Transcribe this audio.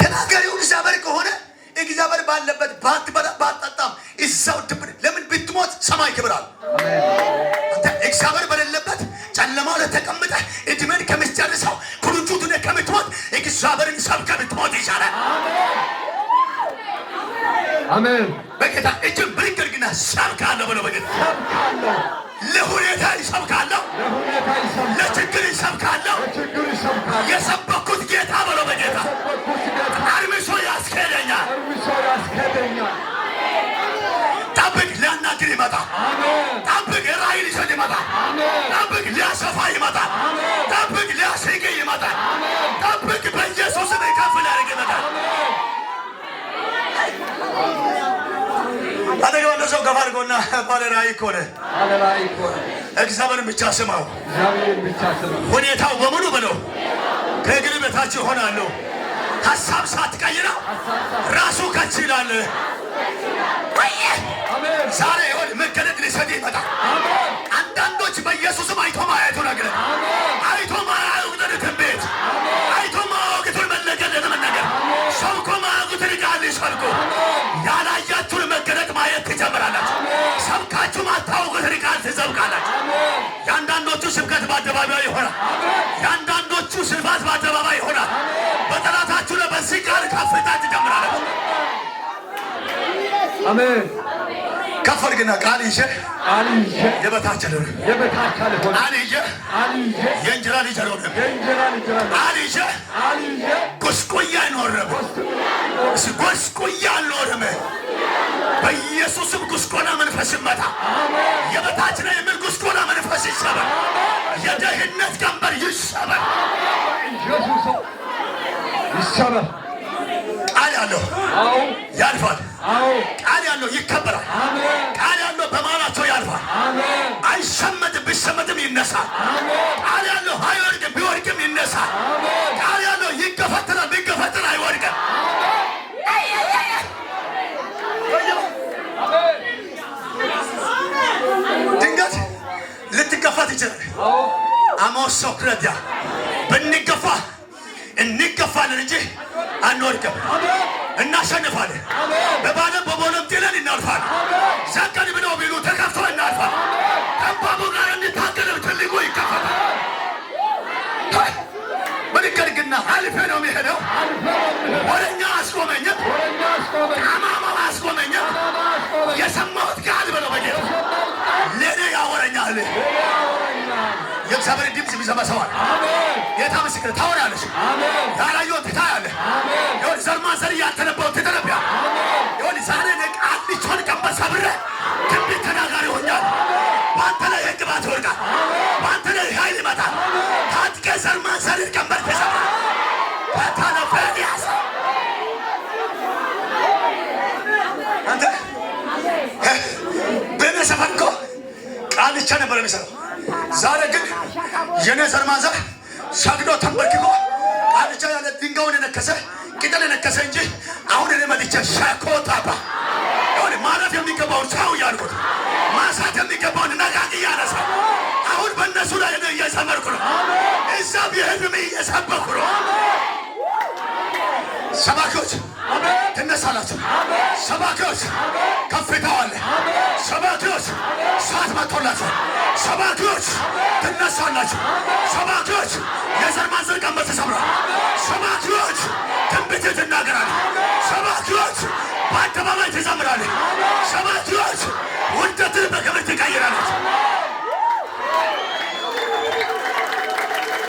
ተናጋሪውን እግዚአብሔር ከሆነ እግዚአብሔር ባለበት ባጠጣም እዛው ድብር ለምን ብትሞት ሰማይ ይከብራል። እግዚአብሔር በሌለበት ጨለማው ለተቀምጠ እድሜን ከምትጨርሰው ኩርንቹት ከምትሞት እግዚአብሔርን ሰብከ ብትሞት ይሻላል። አሜን። በጌታ እጅ ብድግ አድርግና ሰብካለሁ ብሎ በጌታ ለሁኔታ ይሰብካለሁ፣ ለችግር ይሰብካለሁ። የሰበኩት ጌታ በሎ በጌታ አርምሶ ያስኬደኛል። ጠብቅ፣ ሊያናግር ይመጣ። ጠብቅ፣ ራእይ ሊሰጥ ይመጣ። አድርጎና ባለራዕይ እኮ ነህ። እግዚአብሔርን ብቻ ስማው። ሁኔታው በሙሉ ብለው ከእግር በታች ይሆናሉ። ሀሳብ ሳትቀይረው ራሱ ከች ይላል። ዛሬ ይሆን መገለጥ ሊሰጥ ይመጣል የአንዳንዶቹ ስልባት በአደባባይ ይሆናል። በጠላታችሁ ላይ በዚህ ቃል ከፍታ ትጀምራለች። አሜን። ከፍ አድርግና ቃል ይዤ የበታች የእንጀራ ልጅ አልሆንም። ቃል ይዤ ጎስቁያ አይኖርም። ጎስቁያ አልኖርም። በኢየሱስም ጉስቆና መንፈስ ይመታ። የበታች ነው የሚል ጉስቆና መንፈስ ይሰራል። የድህነት ቀንበር ይሰበር ቃል ያለው ያልፋል። ቃል ያለው ይከበራል። ቃል ያለው በማላቸው ያልፋል። አይሸመድም፣ ቢሸመድም ይነሳል። ቃል ያለው አይወድቅም፣ ቢወድቅም ይነሳል። ቃል ያለው ይገፈትራል፣ ቢገፈትር አይወድቅም። ድንገት ልትገፋት ይችላል። አመወሰው ክረዲያ ብንገፋ እንገፋለን እንጂ አንወድቅም፣ እናሸንፋለን። በባለም በቦለም ጥለን እናልፋለን። ዘቀን ብለው ቢሉ ተከፍቶ እናልፋለን። ጠባቡ ጋር እንታገለን፣ ትልቁ ይከፈታል። ብንቀድግና አልፌ ነው የሚሄደው። ወደኛ አስቆመኝም፣ ጠማማው አስቆመኝም። የሰማሁት ቃል ብለው በጌታ ለእኔ ያወረኛል የእግዚአብሔር ድምፅ አሜን። ጌታ ምስክር ታወራለች። ያላየሁት አሜን። ይሁን ዘር ማንዘር እያልተነበው አሜን። ይሁን ዛሬ ለቃል አንዲቿን ቀንበር ሰብሬ ትንቢት ተናጋሪ ሆኛል። በአንተ ላይ ሕግ ባት አሜን። በአንተ ላይ ኃይል ይመጣል። ታጥቀ ዘር ማንዘርን ቀንበር ተሰብራል። በታለፈያስ አንተ በእኔ ሰፈር እኮ ቃልቻ ነበር የሚሰራው ዛሬ ግን የኔ ዘር ማንዘር ሰግዶ ተንበርክኮ ቃልቻ ያለ ድንጋዩን የነከሰ ቅጠል የነከሰ እንጂ አሁን እኔ መጥቼ ሸኮታባ ሆን ማለፍ የሚገባውን ሰው እያልኩት ማሳት የሚገባውን ነጋግ እያነሳ አሁን በእነሱ ላይ እኔ እየሰመርኩ ነው። እዛ ብሄድም እየሰበኩ ነው። ሰባኪዎች ትነሳላችሁ። ሰባኪዎች ከፍተዋል። ሰባኪዎች ሰዓት መጥቶላችኋል። ሰባኪዎች ትነሳላችሁ።